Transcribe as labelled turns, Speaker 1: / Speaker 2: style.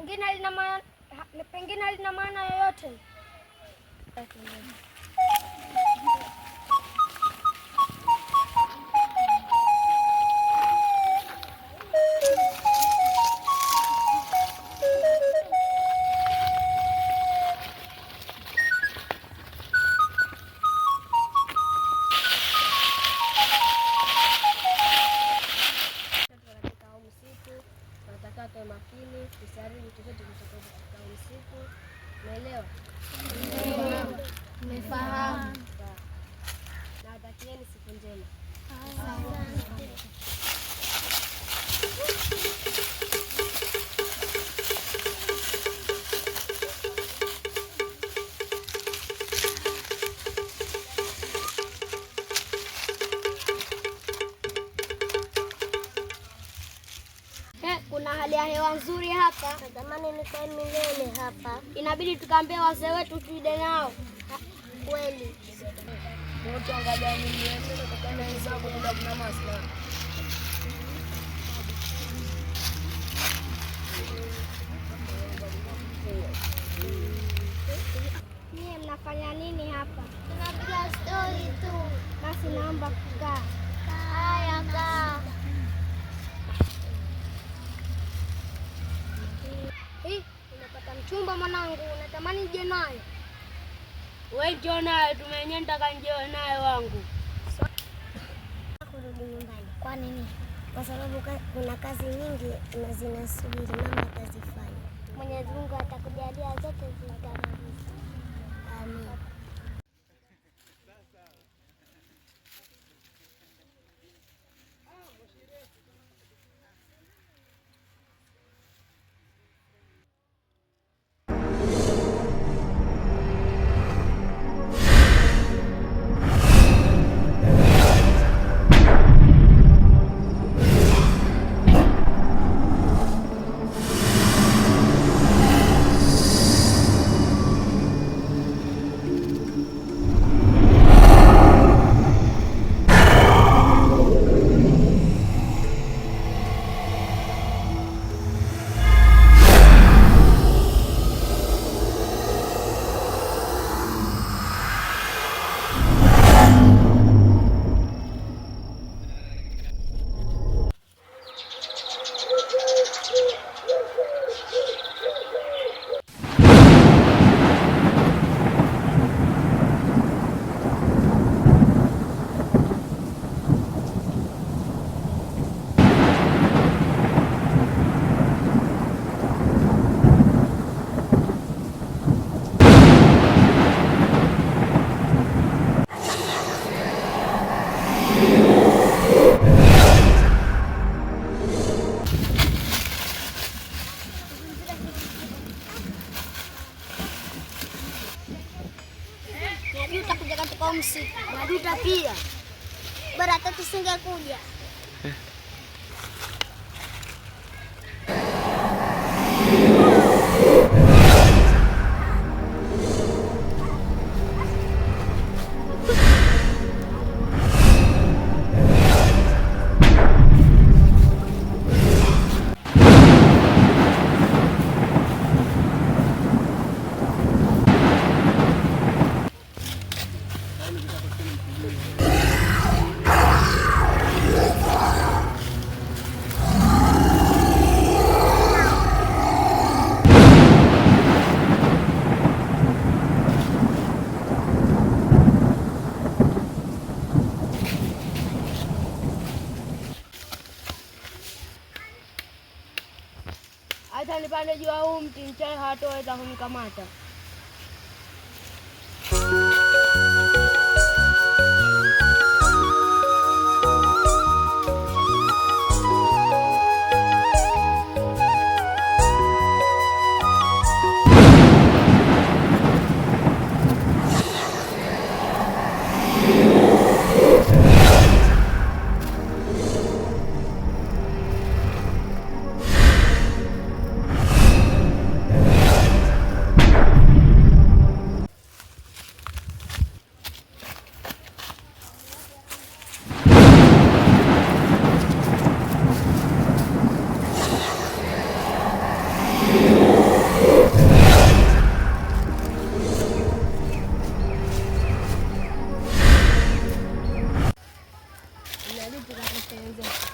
Speaker 1: pengine alina maana, pengine alina maana yoyote. tukistarehe chochote kitakacho katika usiku.
Speaker 2: Umeelewa? Umefahamu?
Speaker 1: Nawatakieni siku njema. hali ya hewa nzuri hapa,
Speaker 3: natamani nikae milele hapa.
Speaker 1: Inabidi tukaambie wazee wetu tuide nao kweli. mjomba mwanangu, natamani nje nayo.
Speaker 4: Wewe njoo nayo, tumenye nitaka nayo wangu.
Speaker 1: Kurudi nyumbani. Kwa nini?
Speaker 5: Kwa sababu kuna kazi nyingi na zinasubiri mama atazifanya.
Speaker 6: Mwenyezi Mungu atakujalia zote zitakamilika.
Speaker 5: Amen.
Speaker 1: Maduta pia, bara hata tusingekuja. upande juu huu mti, mchawi hawatoweza kunikamata. এই যে